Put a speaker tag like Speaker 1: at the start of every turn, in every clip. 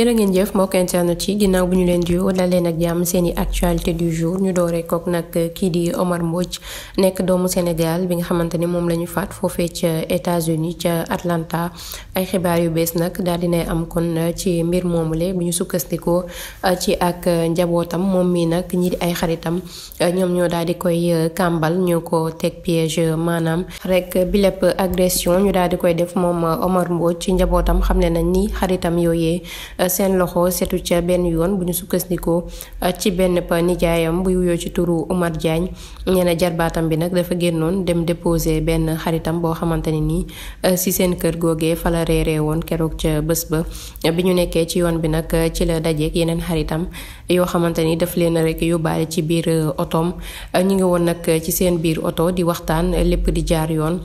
Speaker 1: jërë ngeen jëf mbokk internet yi ginnaaw bu ñu leen di dal leen ak jàmm seeni actualité du jour ñu dooree kook nag kii di Omar Mbodj nekk doomu Sénégal bi nga xamante ni moom la ñu faat foofee ca États-Unis ca Atlanta ay xibaar yu bees nag daal dinay am kon ci mbir moomule bu ñu sukkandikoo ci ak njabootam moom mii nag ñi di ay xaritam ñoom ñoo daal di koy euh, kàmbal ñoo ko teg piège maanaam rek bi lépp agression ñu daal di koy def moom Omar Mbodj ci njabootam xam ne nañ ni xaritam yooyee seen loxo setu ca benn yoon bu ñu sukkandikoo euh, ci benn pa nijaayam buy wuyoo ci turu Omar Diagne nee jarbaatam bi nag dafa génnoon dem déposer benn xaritam boo xamante ne nii euh, si seen kër googee fa la woon keroog ca bës ba bi ñu nekkee ci yoon bi nag euh, ci la dajeek yeneen xaritam yoo xamante ni daf leen rekk yóbbaale ci biir otoom ñu ngi woon nag ci seen biir oto di waxtaan lépp di jaar yoon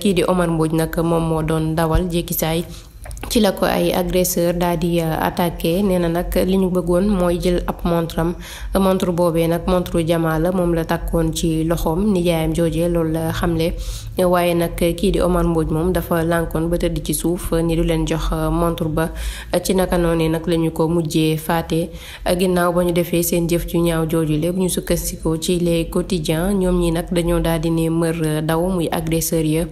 Speaker 1: kii di Omar Mbodj nag moom moo doon dawal jékki saay ci la ko ay agresseur daal di euh, attaqué nee na nag li ñu bëggoon mooy jël ab montram montre boobee nag montre jamaa la moom la takkoon ci loxoom nijaayam joojee loolu la xamle waaye nag kii di Omar Mbodj moom dafa lànkoon ba tëdd ci suuf ni du leen jox euh, montre ba ci naka noonu nag la ko mujjee faate ginnaaw ba ñu defee seen jëf ju ñaaw joojule bu ñu sukkandikoo ci les quotidiens ñoom ñi nag dañoo daal di ne mër euh, daw muy agresseur ya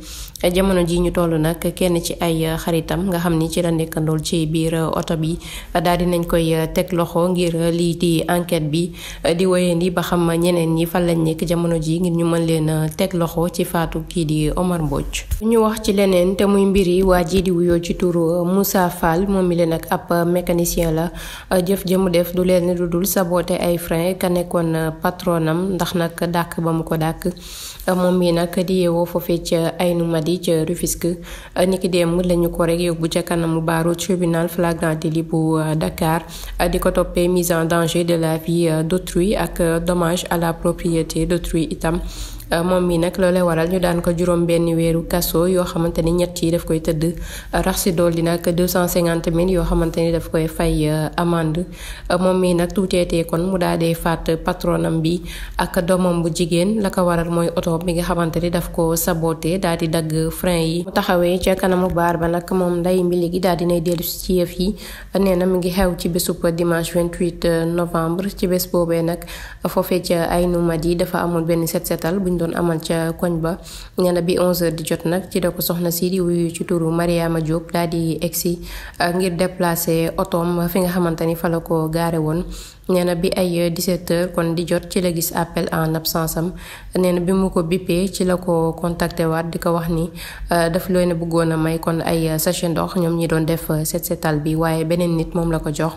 Speaker 1: jamono ji ñu toll nag kenn ci ay xaritam nga xam ni ci la nekkandool ci biir oto bi daal di nañ koy teg loxo ngir lii di enquête bi di wéyandi ba xam ñeneen ñi fan lañ nekk jamono ji ngir ñu mën leen teg loxo ci faatu kii di Omar Mbodj. ñu wax ci leneen te muy mbiri waa ji di wuyoo ci turu Moussa Fall moom mi leen nag ab mécanicien la jëf jëmu def du leen lu dul saboté ay frein ka nekkoon patronam ndax nag dàkk ba mu ko dàkk moom mi nag di di ca Rufisque euh, niki démb lañu ko rek yóbbu ca kanamu baaru tribunal flagrant délit bu euh, Dakar euh, di ko toppee mise en danger de la vie d'autrui ak dommage à la propriété d'autrui itam Euh, moom mii nag loolee waral ñu daan ko juróom benn weeru kaso yoo xamante ni ñett yi daf koy tëdd euh, rax si dolli nag 250 000 yoo xamante ni daf koy fay euh, amande moom mii nag tuuteetee kon mu daal dee faat patronam bi ak doomam bu jigéen la ko waral mooy oto bi nga xamante ni daf ko sabote daal di dagg frein yi mu taxawee ca kanamu baar ba nag moom ndey mbili gi daal dinay dellu ci yëf yi nee na mi ngi xew ci bésu bésub dimanche 28 novembre ci bés boobee nag foofee ca ay numad yi dafa amul benn set setal buñ ñu doon amal ca koñ ba nee bi 11h di jot nag ci da ko soxna si di wuyu ci turu Mariama Diop daal di egsi eh, ngir déplacer otom fi nga xamante ni fa la ko gaare woon. nee bi ay 17h kon di jot ci la gis appel en absence am nee na bi mu ko bippee ci la ko contacté waat di ko wax ni eh, daf looy ne bëggoon a may kon ay sachet ndox ñoom ñi doon def set setal bi waaye beneen nit moom la ko jox.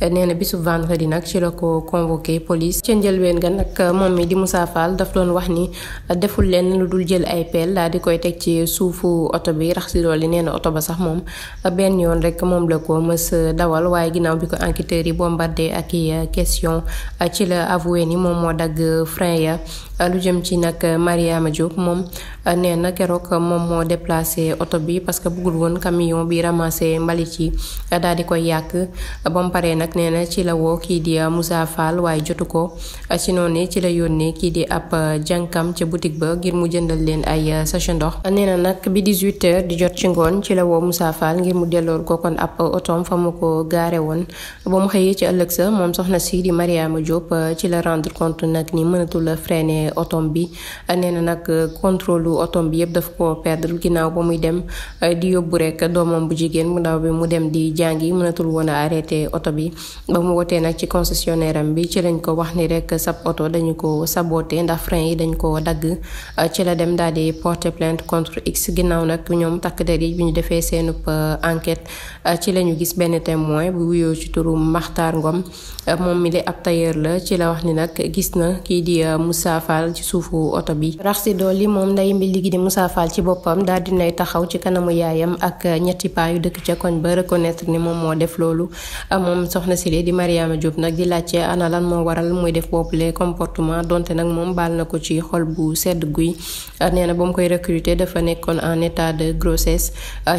Speaker 1: Eh, nee na bisu vendredi nag ci la ko convoqué police ca njëlbeen ga nag eh, moom mi di Moussa Fall daf doon wax ni eh, deful leen lu dul jël ay peel daal di koy teg ci suufu oto bi rax si dool yi nee na oto ba sax moom benn yoon rek moom la ko mës dawal waaye ginnaaw bi ko enquêteurs yi bombardé ak i question ci la avoué ni moom moo dagg frein ya lu jëm ci nag Mariama Diop moom nee na keroog moom moo déplacé oto bi parce que buggul woon camion bi ramassé mbalit yi daal di koy yàq ba mu paree nag nee na ci la kii di Moussa Fall jotu ko ci noonu ci la yónnee kii di ab jànkam ca boutique ba ngir mu jëndal leen ay sachet ndox nee na nag bi 18h di jot ci ngoon ci la woo Moussa Fall ngir mu dellool ko kon ab otoom fa mu ko gaare woon ba mu xëyee ci ëllëg sa moom soxna si di Mariama Diop ci la rendre compte nag ni mënatul freiner otom bi nee na nag euh, contrôle otom bi yëpp daf ko perdre ginnaaw ba muy dem euh, di yóbbu rek doomam bu jigéen mu ndaw bi mu dem di jàngi mënatul woon a arrêté oto bi ba mu wotee nag ci concessionnaire am bi ci lañ ko wax ni rek sab oto dañu ko saboté ndax frein yi dañ ko dagg euh, ci la dem daal di porter plainte contre x ginnaaw nag ñoom takk der yi bi ñu defee seenu enquête ci lañu gis benn témoin bu wuyoo ci turu Maxtaar Ngom moom mi li ab tailleur la ci la wax ni nag gis na kii di Moussa Fall ci suufu oto bi rax si dolli moom nday mbi gi di Moussa Fall ci boppam daal dinay taxaw ci kanamu yaayam ak ñetti paa yu dëkk ca koñ ba reconnaître ni moom moo def loolu moom soxna si di Mariama Diop nag di laajte ana lan moo waral muy def boppule comportement donte nag moom baal na ko ci xol bu sedd guy nee na ba mu koy recruter dafa nekkoon en état de grossesse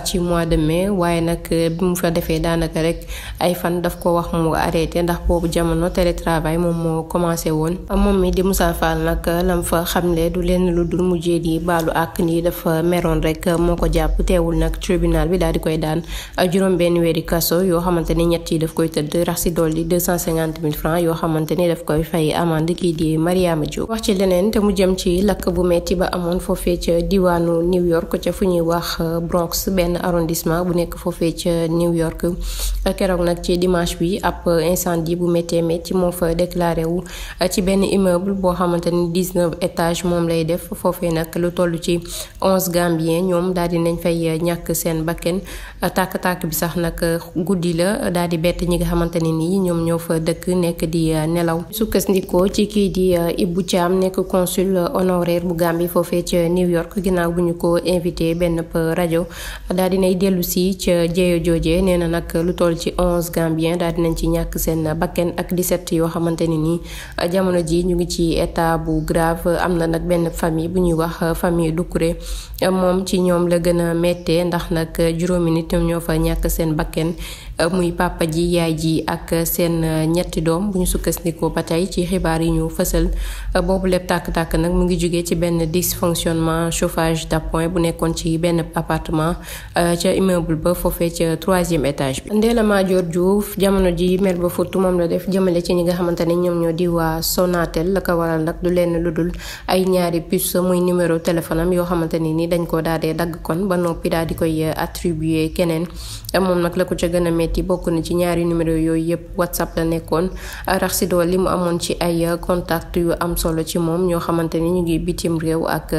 Speaker 1: ci mois de mai waaye nag bi mu fa defee daanaka rek ay fan daf ko wax mu arrêté ndax boobu jamono télétravail moom moo commencé woon moom mi di Moussa nag lam fa xamle du lenn lu dul mujjee di baalu ak nii dafa meroon rek moo ko jàpp teewul nag tribunal bi daal di koy daan juróom benn weeri kaso yoo xamante ni ñett yi daf koy tëdd rax si dolli deux cent cinquante mille francs yoo xamante ni daf koy fay amande kii di Mariama Diop wax ci leneen te mu jëm ci lakk bu metti ba amoon foofee ca diwaanu New York ca fu ñuy wax Bronx benn arrondissement bu nekk foofee ca New York keroog nag ci dimanche bi ab incendie bu méttee métti moo fa déclaré wu dix-neuf moom lay def foofee nag lu tollu ci onze Gambien ñoom daal di nañ fay ñàkk seen bakken tàkk-tàkk bi sax nag guddi la daal di bett ñi nga xamante ne nii ñoom ñoo fa dëkk nekk di euh, nelaw sukkandikoo ci kii di euh, Ibou Thiam nekk consul honoraire bu Gambie foofee ca New York ginnaaw bu ñu ko invité benn rajo daal di nay dellu si ca jeeyo jooje nee na nag lu toll ci onze Gambien daal di nañ ci ñàkk seen bakken ak dix-sept yoo xamante nii jamono ji grave am na nag benn famille bu ñuy wax euh, du Doucouré euh, moom ci ñoom la gën a mette ndax nag euh, juróomi nit ñoom ñoo fa ñàkk seen bakken muy papa ji yaay ji ak seen ñetti doom bu ñu sukkandikoo ba tey ci xibaar yi ñu fësal boobu lépp tàkk-tàkk nag mu ngi jógee ci benn dysfonctionnement chauffage d'appoint bu nekkoon ci benn appartement ca immeuble ba foofee ca troisième étage bi. Ndella Madior Diouf jamono ji mer ba futt moom la def jëmale ci ñi nga xamante ne ñoom ñoo di waa lenn lu dul ay ñaari puce muy numéro téléphone am yoo xamante ni dañ ko daal dagg kon ba noppi daal koy eh, attribuer keneen eh, moom nag la ko ca gën a yooyu yëpp whatsapp la nekkoon eh, li mu amoon ci ay contact yu am ci moom ñoo xamante ni ñu ngi bitim réew ak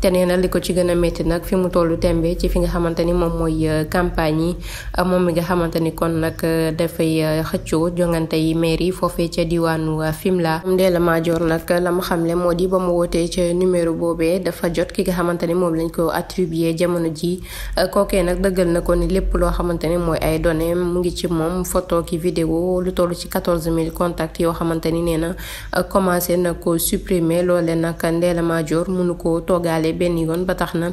Speaker 1: te nee li ko ci gën a métti nag fi mu tollu tembe ci fi nga xamante ni moom mooy campagne yi moom mi nga xamante ni kon nag dafay xëccoo jongante yi mairie foofee ca diwaanu Fimela Ndella Madior nag la mu xamle moo di ba mu wootee ca numéro boobee dafa jot ki nga xamante ne moom lañ ko attribué jamono ji kookee nag dëggal na ko ni lépp loo xamante ne mooy ay données mu ngi ci moom foto ki vidéo lu toll ci quatorze mille contacts yoo xamante ni nee na commencé na ko supprimer loolee nag Ndella Madior mënu ko toogaale benn yoon ba tax na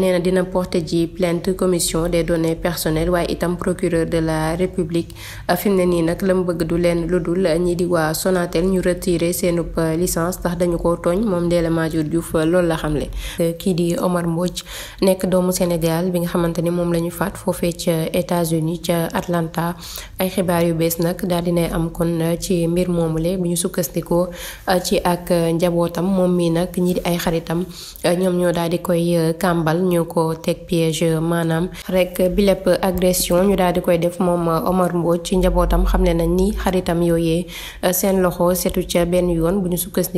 Speaker 1: nee na dina porter ji plainte commission de données personnelles waaye itam procureur de la république fi mu ne nii nag la lu dul violence dañu ko tooñ moom Ndella Madior Diouf loolu la xamle kii di Omar Mbodj nekk doomu Sénégal bi nga xamante ni moom la ñu faat foofee ca États-Unis ca Atlanta ay xibaar yu bees nag daal dinay am kon ci mbir moomule bu ñu sukkandikoo uh, ci ak uh, njabootam moom mii nag ñi di ay xaritam uh, ñoom ñoo daal di koy kàmbal ñoo ko teg piège maanaam rek bi lépp agression ñu daal di koy def moom Omar Mbodj ci njabootam xam ne nañ ni xaritam yooyee seen loxo setu ca benn yoon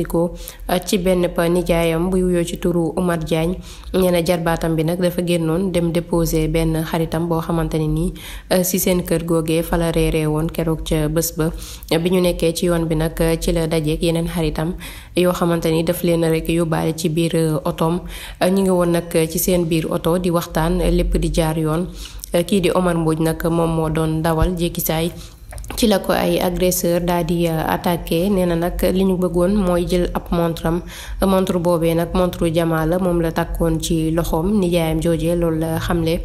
Speaker 1: ko eh, ci benn pa nijaayam buy wuyoo ci turu Omar Diagne nee jarbaatam bi nag dafa génnoon dem déposé benn xaritam boo xamante ne nii eh, si seen kër googee fa la woon keroog ca bës ba bi ñu nekkee ci yoon bi nag eh, ci la dajeek yeneen xaritam yoo xamante ni daf leen rekk yóbbaale ci biir otoom ñu ngi woon nag ci seen biir oto di waxtaan lépp di jaar yoon kii di Omar Mbodj nag moom moo doon dawal jékki saay ci la ko ay agresseur daal di euh, attaqué nee na nag li ñu bëggoon mooy jël ab montre am montre boobee nag montre jamaa la moom la takkoon ci loxoom nijaayam joojee loolu la xamle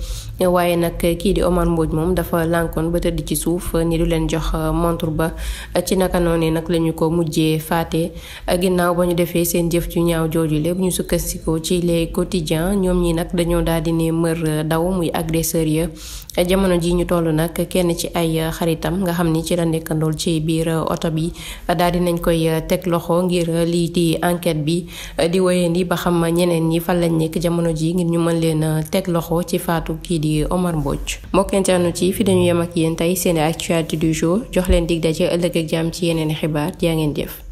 Speaker 1: waaye nag kii di Omar Mbodj moom dafa lànkoon ba tëdd ci suuf ni du leen jox euh, montre ba ci naka noonu nag lañu ko mujjee faate ginnaaw ba ñu defee seen jëf ju ñaaw jooju le bu ñu sukkandikoo ci les quotidiens ñoom ñi nag dañoo daal di ne mër euh, daw muy agresseur ya jamono ji ñu toll nag kenn ci ay xaritam nga xam ni ci la nekkandool ci biir uh, oto bi uh, daal di nañ koy uh, teg loxo ngir lii di enquête bi di wéyandi ba xam ñeneen ñi fan lañ nekk jamono ji ngir ñu mën leen teg loxo ci faatu kii di Omar Mbodj mbokk internet yi fi dañu yem ak yéen tey seen actualité du jour jox leen dig daje ëllëg ak jàmm ci yeneen xibaar jaa ngeen jëf.